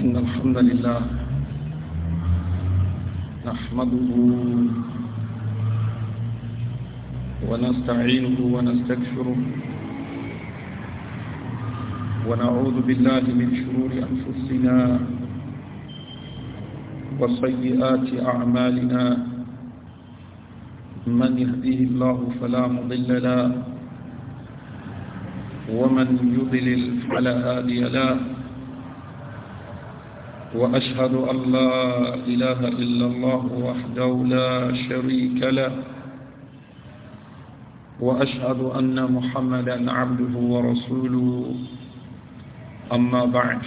إن الحمد لله نحمده ونستعينه ونستغفره ونعوذ بالله من شرور أنفسنا وسيئات أعمالنا من يهديه الله فلا مضل له ومن يضلل فلا هادي له وأشهد أن لا إله إلا الله وحده لا شريك له وأشهد أن محمدا عبده ورسوله أما بعد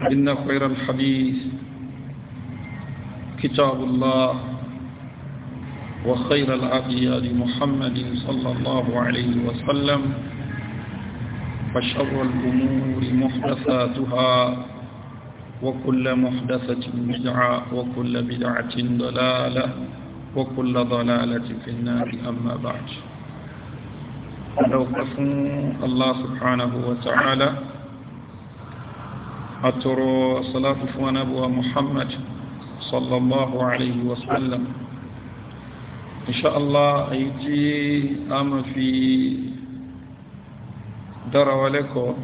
فإن خير الحديث كتاب الله وخير العقيد محمد صلى الله عليه وسلم وشر الأمور محدثاتها وكل محدثة بدعة وكل بدعة ضلالة وكل ضلالة في النار أما بعد قسم الله سبحانه وتعالى أترى صلاة ونبوة محمد صلى الله عليه وسلم إن شاء الله أيتي أم في dára wa lẹ́kọ̀ọ́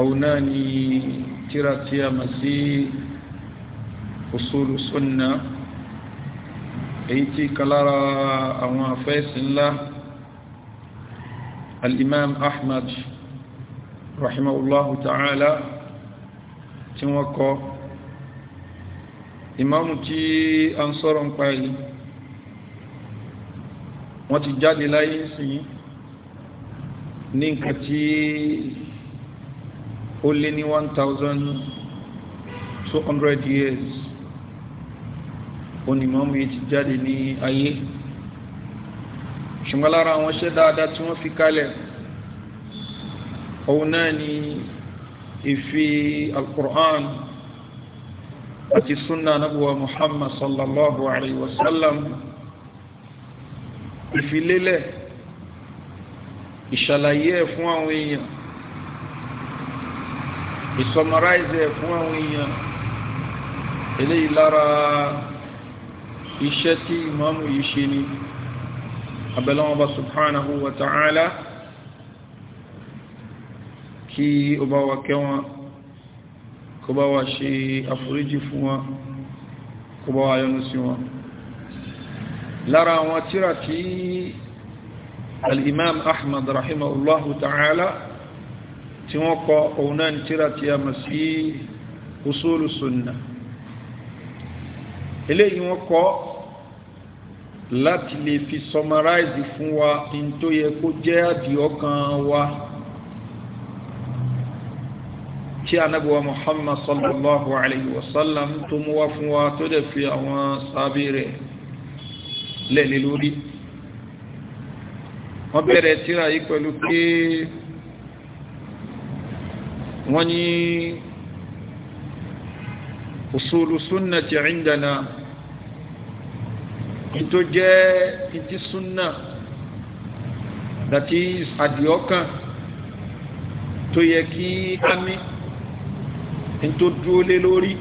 òun náà ni tíra tí a mọ̀ sí usulu sunna èyí tí kalára àwọn afẹ́sì ńlá al-imam ahmad rahimahullahu ta'ala tí wọ́n kọ́ ìmáàmù tí a ń ń pa yìí wọ́n ti jáde láyé sí yìí ní nǹkan tí ó lé ní one thousand two hundred years onímọ̀mù yìí ti jáde ní ayé ṣùgbọ́n lára àwọn ṣẹ́ dáadáa tí wọ́n fi kalẹ̀ òun náà ni ìfi al àti sunna nabuwa Muhammad sallallahu alayhi wa sallam ìfilélẹ̀ ìṣàlàyé ẹ̀ fún àwọn èèyàn ìsọmọráìzì ẹ̀ fún àwọn èèyàn eléyìí lára iṣẹ́ tí ìmáàmù yìí ṣe ni abẹ́lẹ́wọ̀n bá subhanahu wa ta'ala kí ó bá wa kẹ́ kó bá wa ṣe àforíjì fún wọn kó bá wa yọ́nú sí wọn lára àwọn tírà tí al-imam ahmad rahimahullahu ta'ala tí wọ́n kọ òun náà tírà tí a mọ̀ sí usulu sunna eléyìí wọ́n kọ láti lè fi summarize fún wa in tó yẹ kó jẹ́ àdìọ́kan wa tí anabuwa muhammad sallallahu alayhi wa sallam tó mú wá fún wa tó dẹ̀ fi àwọn sábẹ́ rẹ̀ lẹ́ni lórí wọ́n bẹ̀rẹ̀ tírà yìí pẹ̀lú pé wọ́n ní usulu sunnati indana tó jẹ́ ìdí súnà that is àdìọ́kàn tó yẹ kí á ní tó dúró lé lórí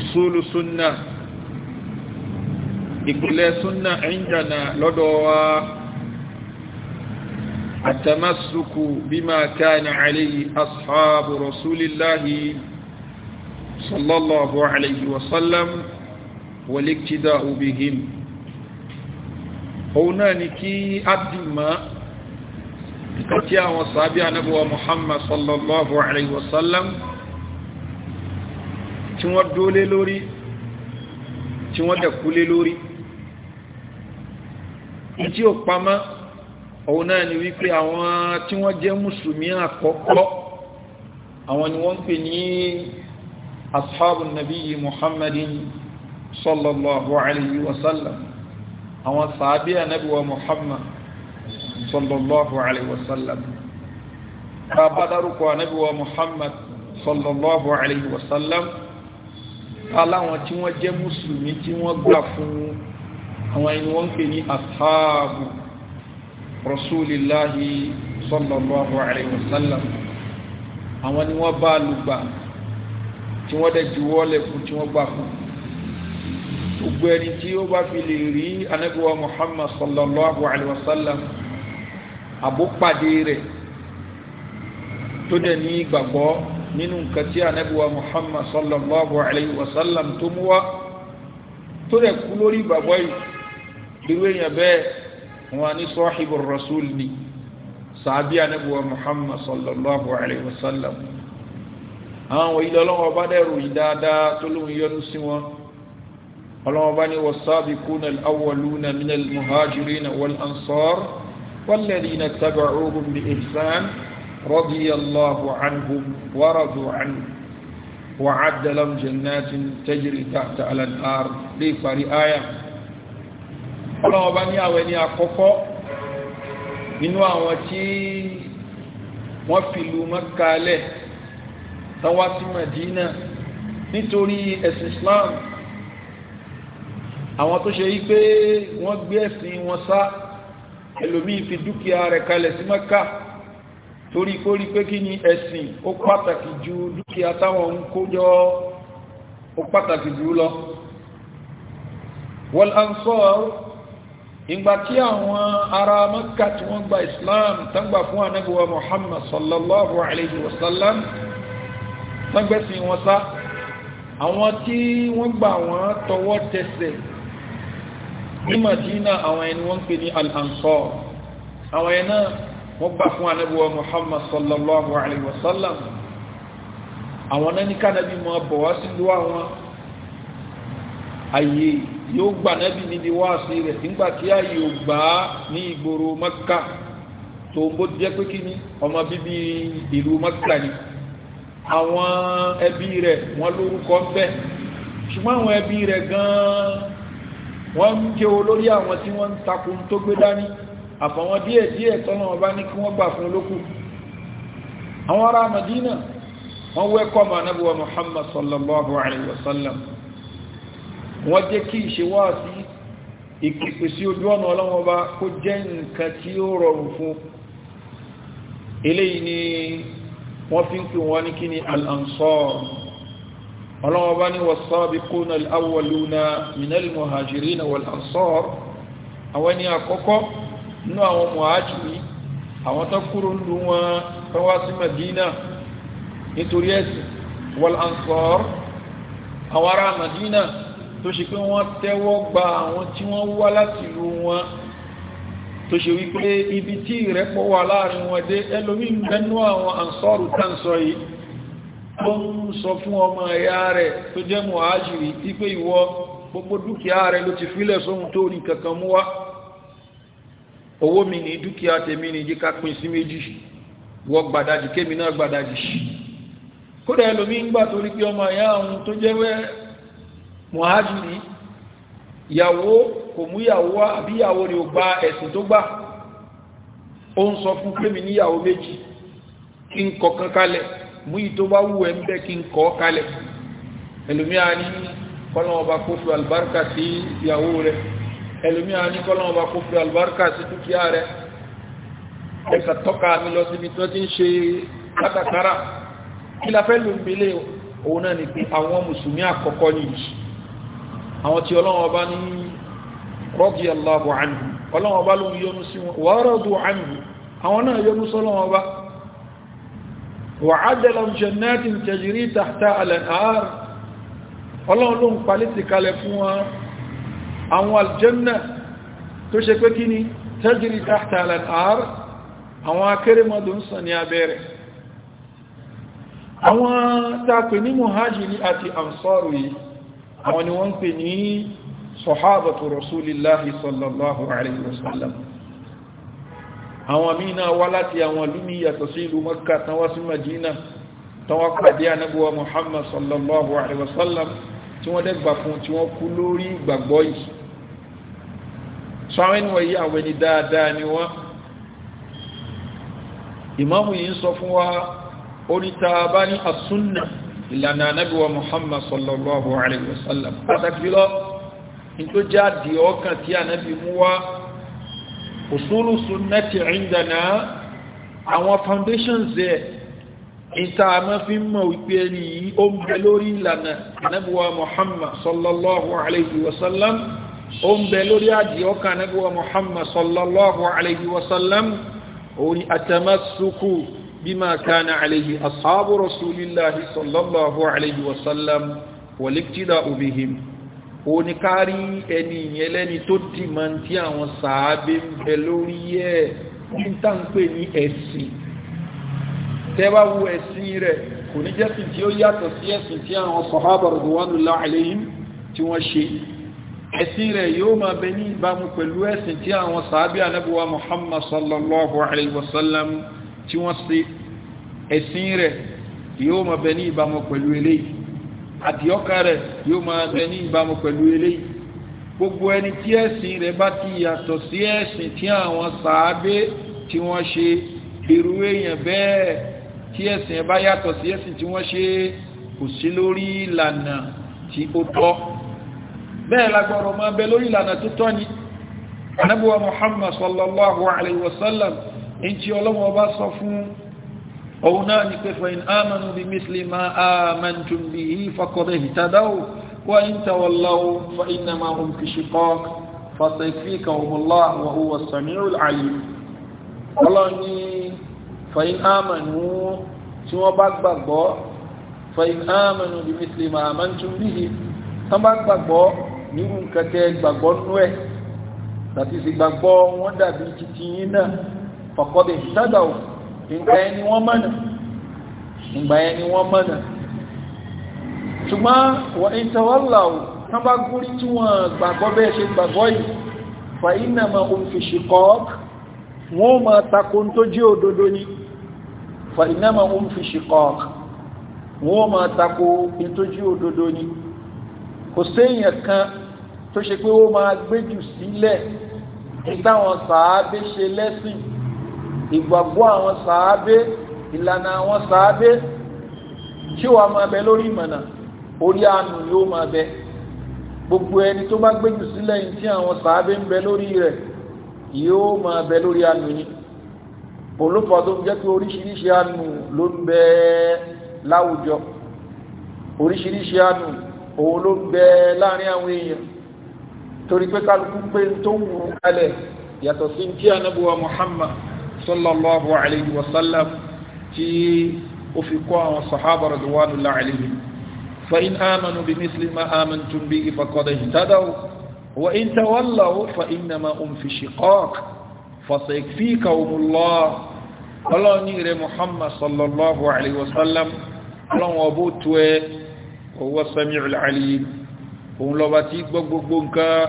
usulu sunna ìpìlẹ̀ sunna indana lọ́dọ̀ wa. Uh, التمسك بما كان عليه أصحاب رسول الله صلى الله عليه وسلم والاقتداء بهم هناك أدمى كتيا وصابي نبوة محمد صلى الله عليه وسلم تودوا لوري تودكوا لوري تيو pamọ́ òun náà ni wípé àwọn tí wọ́n jẹ́ mùsùlùmí àkọ́kọ́ àwọn ni wọ́n ń pè ní ashabu nabiyyi muhammadin sallallahu alayhi wa sallam àwọn sàábí ànábì wa muhammad sallallahu alayhi wa sallam bá bá dárúkọ ànábì wa muhammad sallallahu alayhi wa sallam aláwọn tí wọ́n jẹ́ mùsùlùmí tí wọ́n gbà fún àwọn ẹni wọ́n ń pè ní ashabu رسول الله صلى الله عليه وسلم àwọn ni wọ́n bá lùgbà tí wọ́n dẹ̀ juwọ́lẹ̀ fún tí wọ́n gbà fún gbogbo ẹni tí ó bá fi lè rí anábíwá muhammad sallallahu alaihi wasallam àbúpàdé rẹ̀ tó dẹ̀ ní gbàgbọ́ nínú nǹkan tí anábíwá muhammad sallallahu alaihi wasallam tó mú wá tó dẹ̀ kú lórí gbàgbọ́ yìí irú èèyàn bẹ́ẹ̀ wọn ni sọ́ọ̀hìbù rasul ni sàbí anábùwà muhammad sallallahu alayhi wa sallam àwọn ilé ọlọ́wọ́ bá dẹ̀rù ìdáadáa tó lóun yọnu sí wọn ọlọ́wọ́ bá ní was-sabiquna al-awwaluna min al-muhajirina wal-ansar والذين اتبعوهم بإحسان رضي الله عنهم ورضوا عنه وعد لهم جنات تجري تحت الأنهار لفرآية ọlọ́wọ́n bá ní àwọn ẹni àkọ́kọ́ nínú àwọn tí wọ́n fìlú mọ́kálẹ̀ tán sí Madina nítorí ẹ̀sìn Islam àwọn tó ṣe yí pé wọ́n gbé ẹ̀sìn wọn sá ẹlòmíì fi dúkìá rẹ̀ kalẹ̀ sí Mẹ́kà torí kó rí pé kí ni ẹ̀sìn ó pàtàkì ju dúkìá táwọn ń kó ó pàtàkì jù lọ wal ansar ìgbà tí àwọn ará Mẹ́kà tí wọ́n gba Islam tán gbà fún anábíwá Muhammad sallallahu alayhi wa sallam tán gbẹ̀sìn wọn sá àwọn tí wọ́n gbà wọ́n tọwọ́ tẹsẹ̀ ní Madina àwọn ẹni wọ́n pè ní al àwọn ẹni wọ́n gbà fún anábíwá Muhammad sallallahu alayhi wa sallam àwọn náà ní mọ́ bọ̀ wá sílùú ayé yóò gbà nábì níbi wáàsí rẹ̀ nígbà tí ayé ò gbà á ní ìgboro maka tó ń bó jẹ́ pé kí ni ọmọ bíbí ìlú maka ni àwọn ẹbí rẹ̀ wọ́n lórúkọ fẹ́ ṣùgbọ́n àwọn ẹbí rẹ̀ gan-an wọ́n ń jẹ́ olórí àwọn tí wọ́n ń takun tó gbé dání àfọ̀wọ́n díẹ̀ díẹ̀ tọ́nà ọba ní kí wọ́n gbà fún olókù àwọn ará Madina wọ́n wẹ́kọ̀ọ́ mọ̀ anábíwá Muhammad sallallahu alaihi wasallam wọ́n jẹ́ kí ìṣewá sí ìpèpè sí ojú ọ̀nà ọlọ́wọ́n bá kó jẹ́ nǹkan tí ó rọrùn fún eléyìí ni wọ́n fi ń pè wọ́n ní kí ni al-ansar ọlọ́wọ́n bá ní nítorí ẹ̀sìn wal-ansar àwọn Madina tó ṣe pé wọ́n tẹ́wọ́ gba àwọn tí wọ́n wá láti ìlú wọn tó ṣe wípé ibi tí ìrẹ́pọ̀ wà láàrin wọn dé ẹlòmíì mẹ́nu àwọn ànsọ́rù tàǹsọ yìí ó ń sọ fún ọmọ ẹ̀yà rẹ̀ tó jẹ́ mọ̀hájìrì wípé ìwọ gbogbo dúkìá rẹ̀ ló ti fílẹ̀ sóhun tó rí kankan mú wá owó mi ní dúkìá tèmi ní jíká pín sí méjì wọ́n gbàdájì kémi náà gbàdájì kódà ẹlòmíì gbà torí pé ọmọ ẹ̀yà àwọn tó jẹ́ wẹ́ẹ́ muhajiri ìyàwó kò mú ìyàwó wá àbí ìyàwó rẹ̀ ò gba ẹ̀sìn tó gbà ó ń sọ fún pèmí níyàwó méjì kí n kọ̀ kan kalẹ̀ mú yìí tó bá wù ẹ́ ń bẹ́ kí n kọ̀ kalẹ̀ ẹlòmíà ní kọ́lọ́wọ́ kó fi àlùbáríkà sí dúkìá rẹ̀ ẹ̀ka tọ́ka mi lọ síbi tó ti ń ṣe kátàkárà kí la fẹ́ lòmìnira òun náà ni pé àwọn mùsùlùmí àkọ́kọ́ nìyí àwọn tí ọlọ́wọ́ bá ní rọ́dí aláàbò ànìyàn ọlọ́wọ́ bá lóun yọnu sí wọn wà rọ́dù ànìyàn àwọn náà yọnu sọ́lọ́wọ́ bá wà ádẹ́lọ jẹ́nẹ́tì tẹ̀jìrí tàhtà alẹ́nàár ọlọ́wọ́ ló ń palẹ́ ti kalẹ̀ fún wọn àwọn aljẹ́nà tó ṣe ní abẹ́rẹ̀ ní àti ansọ́rù yìí àwọn ni wọ́n pè ní sọ̀hábàtò rasulillahi sallallahu alaihi wasallam àwọn mína wá láti àwọn lúmí yàtọ̀ sí ìlú makka tán wá sí madina tán wá pàdé anábúwa muhammad sallallahu alaihi wasallam tí wọ́n dẹ́gbà fún tí wọ́n kú lórí ìgbàgbọ́ yìí sọ ìlànà anábíwá muhammad sallallahu alayhi wa sallam pàtàkì lọ ní tó jáde ọkàn tí anábí mú wá usulu sunnati indana àwọn foundations ẹ̀ ìta àmọ́ fi ń mọ̀ wípé ẹni yìí ó ń bẹ lórí ìlànà anábíwá muhammad sallallahu alayhi wa sallam ó ń bẹ lórí àdì ọkàn anábíwá muhammad sallallahu alayhi wa sallam orí بما كان عليه أصحاب رسول الله صلى الله عليه وسلم والاقتداء بهم onikari ẹni ìyẹn lẹ́ni tó dì máa ń tí àwọn sàábé ń bẹ lórí ẹ̀ ní tàǹpé ní ẹ̀sìn tẹ́wá wo ẹ̀sìn rẹ̀ kò ní jẹ́sìn tí ó yàtọ̀ sí ẹ̀sìn tí àwọn sàhábà radwanullahi alayhim tí wọ́n ṣe ẹ̀sìn rẹ̀ yóò máa bẹ ní ìbámu pẹ̀lú ẹ̀sìn tí àwọn sàábé anábíwá Muhammad sallallahu alayhi wa sallam tí wọ́n ṣe ẹ̀sìn rẹ̀ yóò máa bẹ ní ìbámu pẹ̀lú eléyìí àdìọ́kà rẹ̀ yóò máa bẹ ní ìbámu pẹ̀lú eléyìí gbogbo ẹni tí ẹ̀sìn rẹ̀ bá ti yàtọ̀ sí ẹ̀sìn tí àwọn sàábé tí wọ́n ṣe irú èèyàn bẹ́ẹ̀ tí ẹ̀sìn ẹ̀ bá yàtọ̀ sí ẹ̀sìn tí wọ́n ṣe kò sí lórí ìlànà tí ó tọ́ bẹ́ẹ̀ lágbọ́rọ̀ máa bẹ lórí ìlànà tó tọ́ ni anábíwá Muhammad sallallahu alaihi wasallam in tí ọlọ́wọ́ ọba sọ fún òun náà ni pé fẹ́yìn ámànù bí mísìlì máa ámàntùn bí i fakọ̀dẹ̀ ìtadáwò wà ń tàwọ̀láwò fa iná máa ń fi ṣikọ́k fasẹ̀fíkà òmùlá wà ó wà sàmírùl àlè ọlọ́ni fẹ́yìn ámànù tí wọ́n bá gbàgbọ́ fẹ́yìn ámànù bí mísìlì máa ámàntùn bí i tán bá gbàgbọ́ nírú kẹtẹ gbàgbọ́ nú ẹ̀ tàbí sì gbàgbọ́ wọ́n dàbí titi yín náà fọ̀kọ́dé sádàwò ìgbà yẹn ni wọ́n mọ̀nà ìgbà yẹn ni wọ́n mọ̀nà ṣùgbọ́n wà ń tawọ́lá ò tán bá gúrí tí wọ́n gbàgbọ́ bẹ́ẹ̀ ṣe gbàgbọ́ yìí fa iná ma ń fi ṣìkọ́ọ́k wọ́n wọ́n ma tako tó jẹ́ òdodo ni kò séèyàn kan tó ṣe pé ó ma gbéjù sílẹ̀ ìtàwọn sàábé ṣe lẹ́sìn ìgbàgbọ́ àwọn sàábé ìlànà àwọn sàábé tí wàá máa bẹ lórí ìmọ̀nà orí àánú yóò máa bẹ gbogbo ẹni tó bá gbéjù sílẹ̀ yìí tí àwọn sàábé ń bẹ lórí rẹ̀ yóò máa bẹ lórí àánú yìí olùfọ̀ tó jẹ́ pé oríṣiríṣi àánú ló ń bẹ láwùjọ oríṣiríṣi àánú òun ló ń bẹ láàrin àwọn èèyàn torí pé kálukú pé tó wù ú kalẹ̀ yàtọ̀ sí ti ànábùwà Muhammad sallallahu alayhi wa sallam tí ó fi kọ́ àwọn sahaba radwanullahi alayhim fa in amanu bi misli ma amantum bihi faqad ihtadaw wa in tawallaw fa innama hum fi shiqaq fa sayakfikahumullah ọlọ́run ní ìrẹ muhammad sallallahu alayhi wa sallam ọlọ́run ọbó tó ẹ owó sami'ul alim òun lọ́ba tí gbọ́ gbogbo nǹkan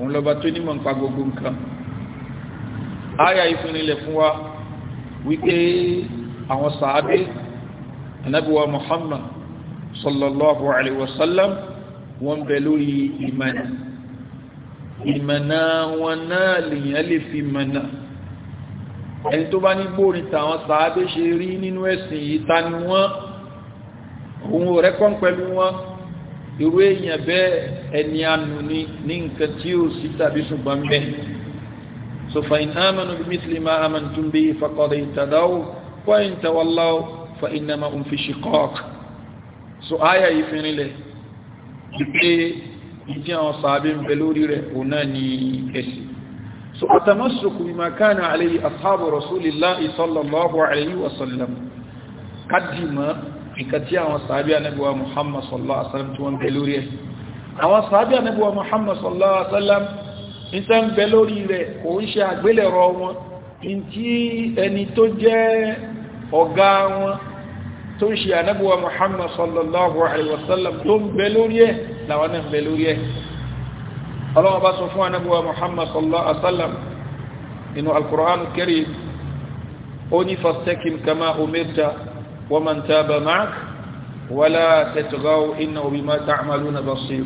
òun lọ́ba tó nímọ̀ nípa gbogbo nǹkan àyà ìfinilẹ̀ fún wa wípé àwọn sàábé anábíwá Muhammad sallallahu alayhi wa sallam wọ́n bẹ lórí ìmánì ìmánà wọn náà lèèyàn lè fi mánà ẹni tó bá ní gbóòrin tàwọn sàábé ṣe rí nínú ẹ̀sìn yìí ta ni wọ́n òun ò pẹ̀lú wọn irú èèyàn bẹ́ẹ̀ ẹni ànú ní nǹkan tí ó sì tàbí ṣùgbọ́n bẹ́ẹ̀ so fa in amanu bi misli ma amantum bi faqad ihtadaw wa in tawallaw fa innama hum fi shiqaq so aya yìí fi rinlẹ̀ pé ìdí àwọn sàábí ń bẹ lórí rẹ̀ so atamassuku bima kana alayhi ashabu rasulillahi sallallahu alayhi wa sallam kadima ikati àwọn sahabi ànábì wa muhammad sallallahu alayhi wa sallam tuwan beluriye àwọn sahabi ànábì wa muhammad sallallahu alayhi wa sallam níta ń bẹ lórí rẹ̀ kò ń ṣe àgbélẹ̀rọ wọn ní tí ẹni tó jẹ́ ọ̀gá wọn tó ń ṣe ànábùwà Muhammad sallallahu alaihi wasallam tó ń bẹ lórí ẹ̀ làwọn náà ń bẹ lórí ẹ̀ ọlọ́wọ́n bá sọ fún ànábùwà Muhammad sallallahu alaihi wasallam inú alkùránù karim ó ní fastaqim kama umirta wa man taba ma'ak wala tatghaw innahu bima ta'maluna basir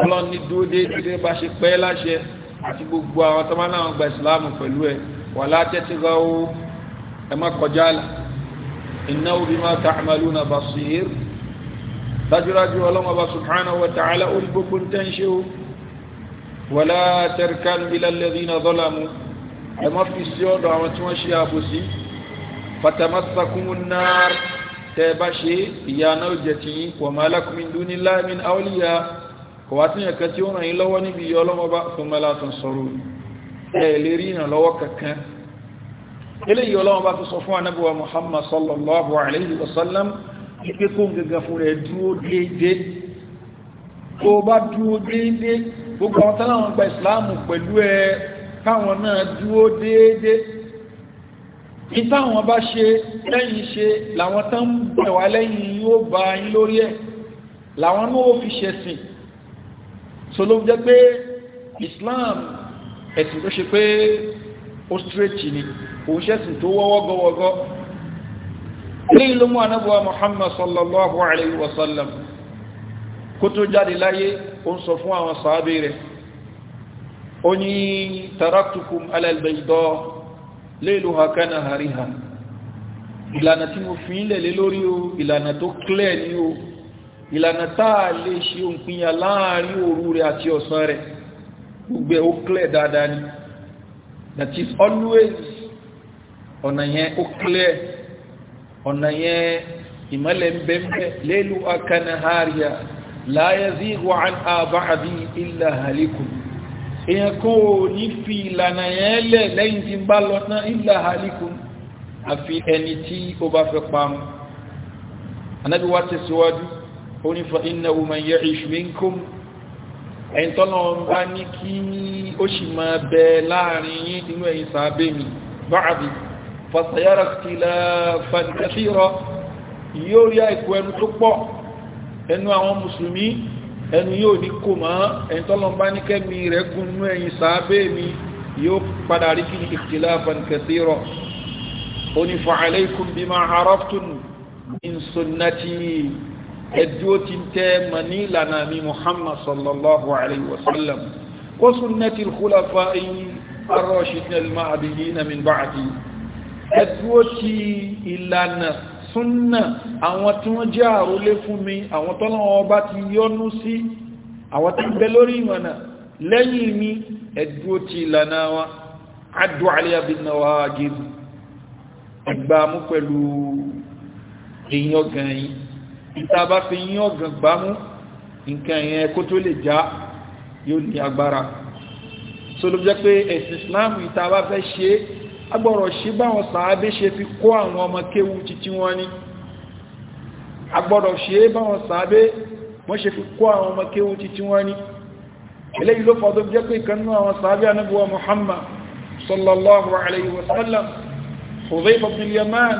ọlọ́run ní dúró déédéé bá ṣe pẹ́ láṣẹ àti gbogbo àwọn tó bá náà gba ìsìláàmù pẹ̀lú ẹ wà látẹ́tí ra ó ẹ má kọjá là innahu bima ta'maluna basir dájúdájú ọlọ́run ọba subhanahu wa ta'ala ó ní gbogbo ń tẹ́ ń ṣe ó wà látẹ́rìkánu ila alladhina zalamu ẹ má fi sí ọ̀dọ̀ àwọn tí wọ́n ṣe àbòsí fatamassakumun nar tẹ́ bá ṣe ìyá náà jẹ̀ tì yín wa ma lakum min dunillahi min kò wá síyàn kan tí ó ràn yín lọ́wọ́ níbi iye ọlọ́mọba thumma la tansurun ẹ̀ lè rí ìràn lọ́wọ́ kankan eléyìí ọlọ́mọba tó sọ fún ànábì wa Muhammad sallallahu alayhi wa sallam ipe kó gẹ́gẹ́ fún rẹ̀ dúró déédéé tó bá dúró déédéé gbogbo àwọn tẹ́láwọn gba ìsìláàmù pẹ̀lú ẹ káwọn náà dúró déédéé ìtàwọn bá ṣe lẹ́yìn ṣe làwọn tán bẹ̀wà lẹ́yìn yóò bá yín lórí ẹ̀ làwọn náà ó fi ṣẹ̀sìn so ló jẹ́ pé Islam ẹ̀sìn tó ṣe pé ó straight ni òun ṣẹ̀sìn tó wọ́wọ́ gọ́wọ́gọ́ eléyìí ló mú anábọ́wá Muhammad sallallahu alayhi wa sallam kó tó jáde láyé ó ń sọ fún àwọn sàábé rẹ̀ ó ní taraktukum ala al-bayda layluha ìlànà tí mo fi ń lẹ̀lé lórí o ìlànà tó clear ni o ìlànà táà lè ṣe òǹpinya láàrin òru rẹ̀ àti ọ̀sán rẹ̀ gbogbo ó clear dáadáa ni that is always ọ̀nà yẹn ó clear ọ̀nà yẹn ìmọ́lẹ̀ ń bẹ́ẹ̀ lẹ́lu akanahariya láyé sí wàhán àbáàbí ilà halikun èèyàn kó o ní fi ìlànà yẹn lẹ̀ lẹ́yìn tí ń bá lọ tẹ̀síwájú oní fa innahu man ya'ish minkum ẹ̀yìn tọ́lọ bá ní kí ó sì máa bẹ láàrin yí inú ẹ̀yìn sàábé mi báàbí fasayara ikhtilafan kathira yóò rí àìkú ẹnu tó pọ̀ ẹnu àwọn mùsùlùmí ẹnu yóò ní kò mọ́ ẹ̀yìn tọ́lọ bá ní kẹ́mi rẹ̀ gún ẹ̀yìn sàábé mi yóò padà rí kí ikhtilafan kathira ẹ̀dúró ti ń tẹ́ mọ̀ ní ìlànà mi muhammad sallallahu alayhi wa sallam wa sunnati al-khulafa'i ar-rashidin al-mahdiyyin min ba'di ẹ̀dúró ti ìlànà súnnà àwọn tí wọ́n jẹ́ àrólé fún mi àwọn tọ́lọ́wọ́ bá ti yọ́nú sí àwọn tí ń bẹ lórí ìmọ̀nà lẹ́yìn mi ẹ̀dúró ti ìlànà wa addu alayha bin-nawajidh ẹgbàmú pẹ̀lú èèyàn yìí ìta bá fi yín ọ̀gàn gbámú nǹkan yẹn kó tó lè já yóò ní agbára so ló jẹ́ pé ẹ̀sìn islam ìta bá fẹ́ ṣe agbọ́rọ̀ ṣe báwọn sàábé ṣe fi kó àwọn ọmọ kéwu títí wọn ni agbọ́dọ̀ ṣe báwọn sàábé wọ́n ṣe fi kó àwọn ọmọ kéwu títí wọn ni eléyìí ló fọ́dọ̀ jẹ́ pé ìkan náà àwọn sàábé anábíwá muhammad sallallahu alayhi wa sallam Hudhayfa bin Yaman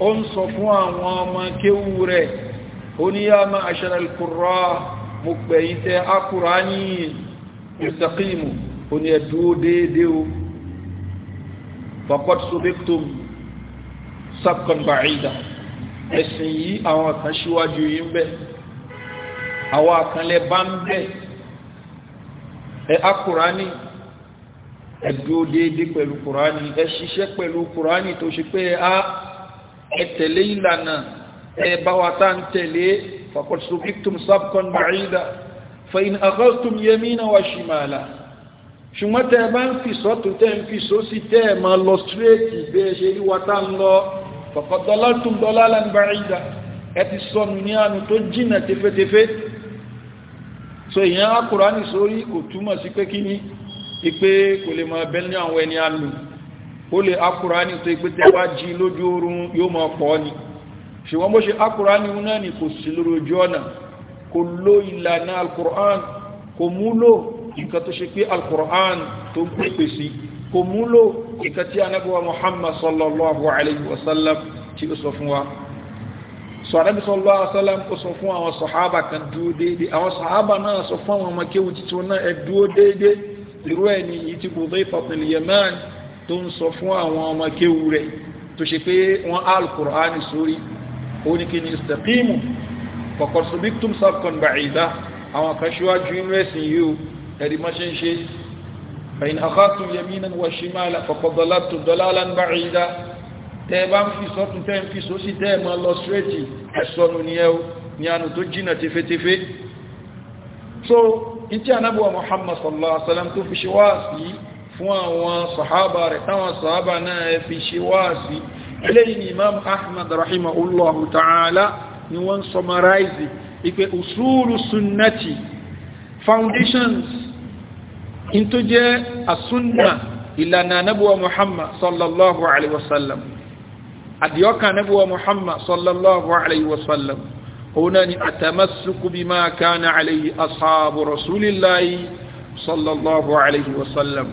ó oníyàmà aṣẹ́rẹ̀lkùrọ̀ mo pè yín tẹ́ akùránì ìsàkímù oní ẹ̀dúró déédéé o faqad subiktum sabqan ba'ida ẹ̀sìn yìí àwọn kan ṣíwájú yìí ń bẹ àwọn àkànlẹ̀ bá ń bẹ ẹ akùránì ẹ̀dúró déédéé pẹ̀lú kùránì ẹ ṣiṣẹ́ pẹ̀lú kùránì tó ṣe pé ẹ tẹ̀lé ìlànà ẹ bá wa tá ń tẹ̀lé faqad subiktum sabqan ba'ida fa in akhadhtum yamina wa shimala ṣùgbọ́n tẹ́ ẹ bá ń fi sọ́tò tẹ́ ń fi sósì tẹ́ ẹ máa lọ síréètì bẹ́ẹ̀ ṣe rí wa tá ń lọ faqad dalaltum dalalan ba'ida ẹ ti sọnù ní àná tó jìnà so èèyàn á Kùránì sórí kò túmọ̀ sí pé ipe kò lè máa bẹ́ ní àwọn ẹni àlù ó lè á Kùránì ipe tẹ́ wá jí lójú oorun yóò máa pọ̀ ni ṣùgbọ́n bó ṣe akùránì náà ni kò sí lórí ojú ọ̀nà kò ló ìlànà alkùrán kò múlò nǹkan tó ṣe pé alkùrán tó ń pèpè sí kò múlò nǹkan tí anábíwá muhammad sallallahu alayhi wa sallam tí ó sọ fún wa sọ anábí sallallahu alayhi wa sallam ó sọ fún àwọn sàhábà kan dúró déédéé àwọn sàhábà náà sọ fún àwọn ọmọkéwù títún náà ẹ dúró déédéé irú ẹ̀ ni yìí ti Hudhayfa ibn al-Yaman tó ń sọ fún àwọn ọmọkéwù rẹ̀ tó ṣe pé wọ́n alkùrán sórí òun ni kí ni istaqimu faqad subiktum sabqan ba'ida àwọn kan ṣíwájú inú ẹ̀sìn yìí o ẹ̀rí má ṣe ń ṣe fa in akhadtum yaminan wa shimala faqad dalaltum dalalan ba'ida tẹ́ ẹ bá fi sọ́tún tẹ́ fi sósì tẹ́ ẹ máa lọ sírẹ́tì ẹ̀sọ́nu ni ẹ o so in tí anábọ̀ Muhammad sallallahu alaihi wasallam tó fi ṣe wáàsí fún àwọn sàhábà rẹ̀ táwọn sàhábà fi ṣe eléyìí ni imam ahmad rahimahullahu ta'ala ni wọ́n summarize ipe usulu sunnati foundations in tó jẹ́ asunna ìlànà nabuwa muhammad sallallahu alaihi wasallam àdíọ́kà nabuwa muhammad sallallahu alaihi wasallam هنا نتمسك بما كان عليه أصحاب رسول الله صلى الله عليه وسلم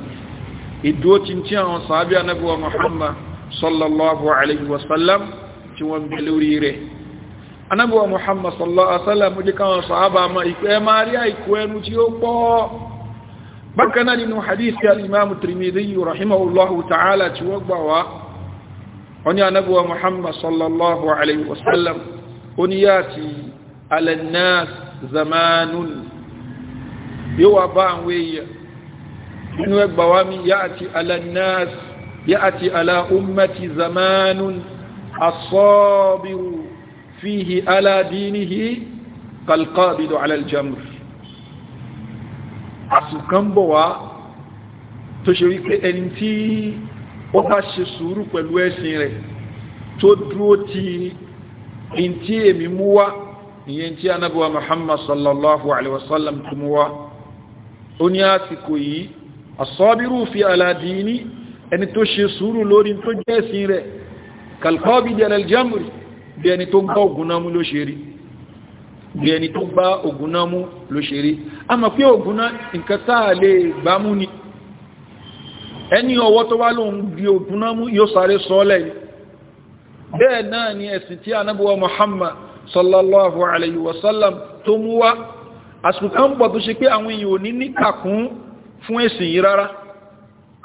tí àwọn sàábí anabuwa muhammad sallallahu alayhi wa sallam tí wọ́n bẹ lórí rẹ̀ anábíwa muhammad sallallahu alayhi wa sallam jẹ́ káwọn sọ́hábà ma ikú ẹ máa rí àìkú ẹnu tí ó pọ̀ bákanáà nínú hadithi al'imamu tirmidhi rahimahullahu ta'ala tí wọ́n gbà wá wọ́n ni anábíwa muhammad sallallahu alayhi wa sallam ó ní yáti alannas zamanun yóò wà bá àwọn èèyàn inú ẹgbàwá mi yáti alannas يأتي على أمتي زمان الصابر فيه على دينه كالقابض على الجمر àsùnkàn bọ̀ wá tó ṣe wípé ẹni tí ó bá ṣe sùúrù pẹ̀lú ẹ̀sìn rẹ̀ tó dúró ti in tí èmi mú wá ìyẹn Muhammad sallallahu alaihi wasallam tó mú wá ó ní àsìkò yìí asọ́bírù fi aládìíní ẹni tó ṣe sùúrù lórí tó jẹ́ ẹ̀sìn rẹ̀ kalqabi di alaljamri bí ẹni tó gbá ògùn náà mú ló ṣe rí bí ẹni tó gbá ògùn náà mú ló ṣe rí a mọ̀ pé ògùn náà nǹkan táà lè gbá mú ni ẹni ọwọ́ tó wá lóun bí ògùn yóò sáré sọ́ọ́lẹ̀ bẹ́ẹ̀ náà ni ẹ̀sìn tí anábúwa Muhammad sallallahu alayhi wa sallam tó mú wá àsìkò bọ̀ tó ṣe pé àwọn èèyàn ò ní níkàkún fún ẹ̀sìn yìí rárá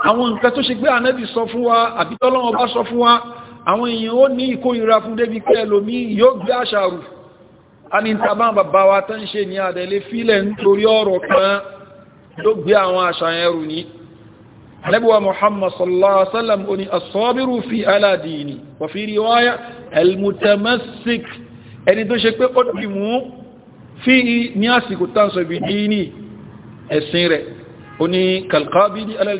àwọn nǹkan tó ṣe pé ànábì sọ fún wa àbí tọ́lọ́wọ́ bá sọ fún wa àwọn èèyàn ó ní ìkórira fún débi pé ẹlòmí yóò gbé àṣàrù a ní tàbá bàbá wa tán ṣe ní àdẹ̀lé fílẹ̀ nítorí ọ̀rọ̀ kan ló gbé àwọn àṣàyàn rù ní ẹ̀sìn rẹ̀ ó ní kalqabidi ala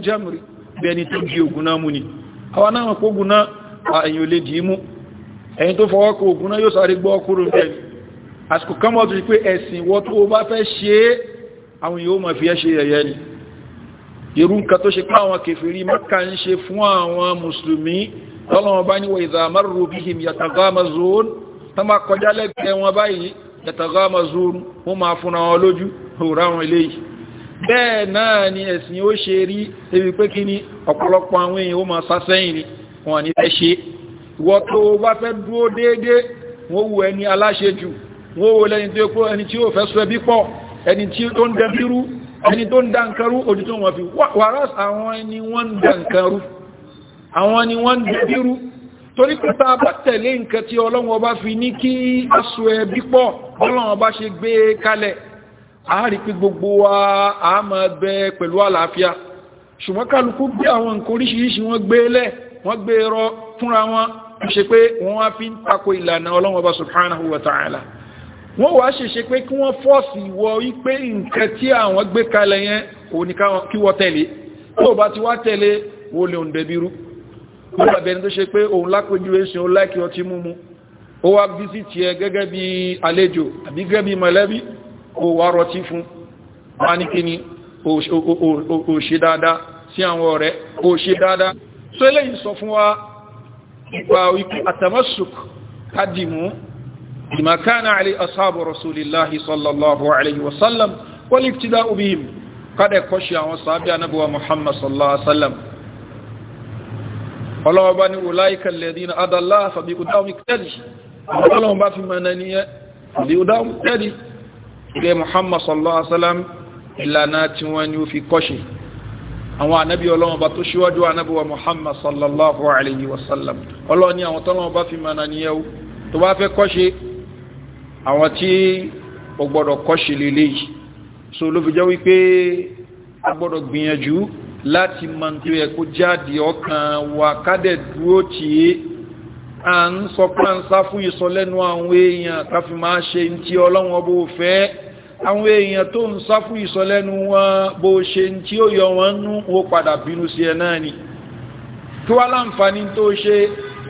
bí ẹni tó di ògùn náà mú ni àwọn náà kó ògùn náà ẹ̀yìn ò lè dì í mú ẹ̀yìn tó fọwọ́ kó ògùn náà yóò sáré gbọ́ kúrò bẹ́ẹ̀ àsìkò kan mọ́ tó ṣe pé ẹ̀sìn wọ́n tó bá fẹ́ ṣe é àwọn yóò máa fi ẹ́ ṣe ẹ̀yẹ ni irú nǹkan tó ṣe pé àwọn kèfèrí Mákà ń ṣe fún àwọn mùsùlùmí lọ́lọ́wọ́n bá ní wa idha marru bihim yataghamazun tó máa kọjá lẹ́gbẹ̀ẹ́ wọn báyìí yataghamazun wọ́n máa fúnra wọn lójú òòrùn àwọn eléyìí bẹ́ẹ̀ náà ni ẹ̀sìn ó ṣe rí ebi pé kí ni ọ̀pọ̀lọpọ̀ àwọn èèyàn ó máa sásẹ́yìn ni wọ́n ní fẹ́ ṣe wọ́n tó bá fẹ́ dúró déédéé wọ́n wo ẹni aláṣẹ jù wọ́n wo lẹ́ni tó kó ẹni tí ó fẹ́ sọ ẹbí pọ̀ ẹni tí ó ń dẹbí rú ẹni tó ń da nǹkan rú ojú tó wọ́n fi wàrà àwọn ni wọ́n ń a rí pé gbogbo wa a máa bẹ pẹ̀lú àlàáfíà ṣùgbọ́n kálukú bí àwọn nǹkan oríṣiríṣi wọ́n gbé lẹ̀ wọ́n gbé rọ fúnra wọn ṣe pé wọ́n wá fi ń tako ìlànà Ọlọ́run Ọba wa ta'ala wọ́n wá ṣèṣe pé kí wọ́n fọ́ọ̀sì wọ wípé nǹkan tí àwọn gbé kalẹ̀ yẹn kò ní kí wọ́n tẹ̀lé tó bá ti wá tẹ̀lé wo kó wá rọtí fún wá ní kí ni ó ṣe dáadáa sí àwọn ọ̀rẹ́ ó ṣe dáadáa so eléyìí sọ fún wa ipa wípé àtàmọ́sùk kádìmú ìmàkánà àlè asáàbò rasulillahi sallallahu alaihi wasallam wọ́n lè ti bá fi mọ̀ náà ní ẹ fàbí ọdáwọ̀ tẹ́lì ilé muhammad sallallahu alaihi wa sallam ìlànà tí wọ́n ní ó fi kọ́ṣe àwọn ànábì ọlọ́wọ́n bá tó ṣíwájú ànábì wa muhammad sallallahu alaihi wa sallam ọlọ́ọ̀ni àwọn tọ́lọ́wọ́n bá fi mọ̀nà níyẹ̀wò tó bá fẹ́ kọ́ṣe àwọn tí ó gbọ́dọ̀ kọ́ṣe lélẹ́yìí so ló fi jẹ́ wípé a gbọ́dọ̀ gbìyànjú láti mọ̀ tó yẹ kó jáde ọkàn wa kádẹ̀ dúró tì í à ń sọ pé à ń sá fún ìsọlẹ́nu àwọn èèyàn káfí máa ṣe ní ti ọlọ́wọ́n bó fẹ́ẹ́ àwọn èèyàn tó ń sá fún ìsọlẹ́nu wọn bó ṣe tí ó yọ wọn nú wo padà bínú sí ẹ náà ni kí wá láǹfààní tó ṣe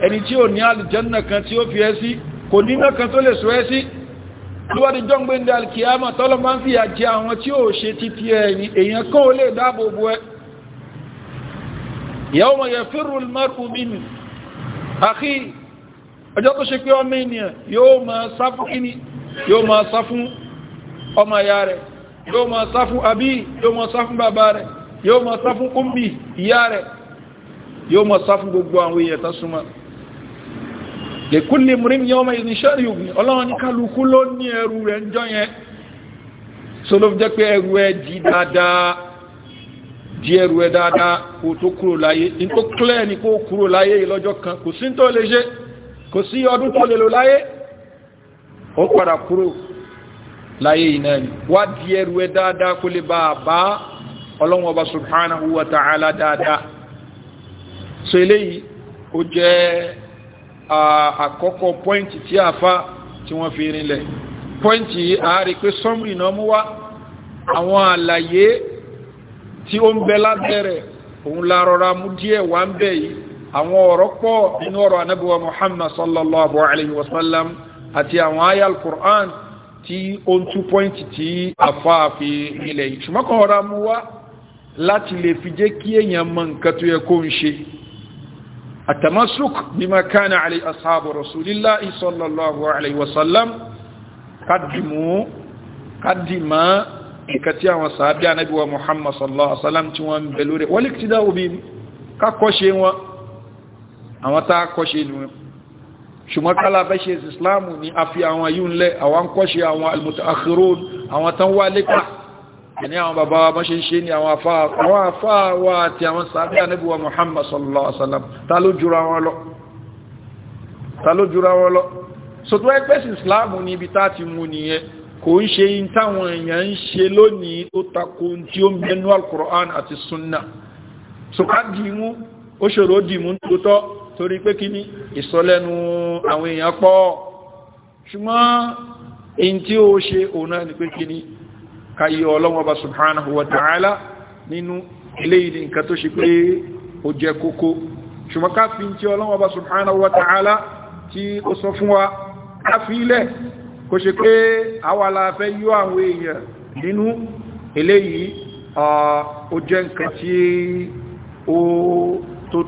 ẹni tí ò ní àlùjànnà kan tí ó fi ẹ́ sí kò níná kan tó lè sọ ẹ́ sí lúwọ́dí jọ́ngbé ní alkiyama tọ́lọ máa ń fi àjẹ àwọn tí ó ṣe títí ẹ̀yìn kan ó lè dáàbò ọmọ ìyá rẹ̀ yóò máa sá fún àbí yóò máa sá fún bàbá rẹ̀ yóò máa sá fún kúmbì ìyá rẹ̀ yóò máa sá fún gbogbo àwọn èèyàn tó súnmọ́ lè kú lè múrí ní ọmọ ìrìnṣẹ́ ìrìn ọlọ́run ní kálukú ló ní ẹrù rẹ̀ ó padà kúrò láyé iná ni wá di ẹrù ẹ dáadáa kó lè bá a bá ọlọ́wọ́n ọba subhanahu wa ta'ala dáadáa so eléyìí ó jẹ́ àkọ́kọ́ pọ́ìntì tí a fa tí wọ́n fi rinlẹ̀ pọ́ìntì ààrẹ pé sọ́mùrì náà mú wá àwọn àlàyé tí ó ń bẹ lábẹ́rẹ̀ òun la mú díẹ̀ wá ń bẹ̀ yìí àwọn ọ̀rọ̀ pọ̀ nínú ọ̀rọ̀ anábíwá muhammad sallallahu alayhi wa sallam àti àwọn ayal qur'an tí ó ń tú pọ́ìntì tí àfáàfi ilẹ̀ yìí ṣùgbọ́n kan ọ̀rá mú wá láti lè fi jẹ́ kí èèyàn mọ nǹkan tó yẹ kó ń ṣe àtàmásùk bima kana àlè asáàbò rasulillah sallallahu alayhi wa sallam kádìmú kádìmá nǹkan tí àwọn sàábí anábí muhammad sallallahu alayhi wa sallam tí wọ́n ń bẹ̀ lórí wọ́n lè ti dá òbí kakọ́ṣe wọn àwọn tá a kọ́ṣe nìyẹn ṣùgbọ́n kálá fẹ́ ṣe islamu ni a fi àwọn yíò lẹ́ àwọn kọ́ṣe àwọn almutaakhirun àwọn tán wá lépa ẹni àwọn bàbá wa mọ́ṣe ṣe ni àwọn afá wa àti àwọn sàbí anábíwa muhammad sallallahu alaihi wasallam ta ló jura wọn lọ sọ́tọ́ ẹgbẹ́ sí islamu ni ibi táti mú nìyẹn kò ń ṣe yí táwọn èèyàn torí pé kí ní ìsọlẹ́nu àwọn èèyàn pọ̀ ṣùgbọ́n èyí tí ó ṣe òun náà ni pé kí ní káyí ọlọ́wọ́ bá subhanahu wa ta'ala nínú ilé ìdí nǹkan tó ṣe pé ó jẹ kókó ṣùgbọ́n ká fi tí ọlọ́wọ́ bá subhanahu wa ta'ala ó jẹ́ nǹkan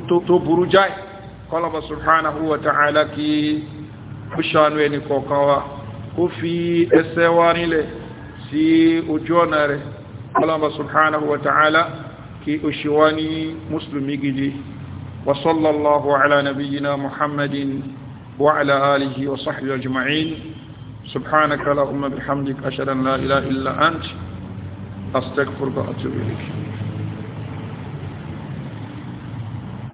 tí ó tó burú jáì kọlọba subhanahu wa ta'ala kí ó ṣàánú ẹni kọ̀ọ̀kan wa kó fi ẹsẹ̀ wa nílẹ̀ sí ojú ọ̀nà rẹ̀ kọlọba subhanahu wa ta'ala kí ó ṣe wá ní mùsùlùmí gidi wa sallallahu ala nabiyyina muhammadin wa ala alihi wa sahbihi ajma'in subhanaka lahumma bihamdik ashhadu la ilaha illa ant astaghfiruka atubu ilayk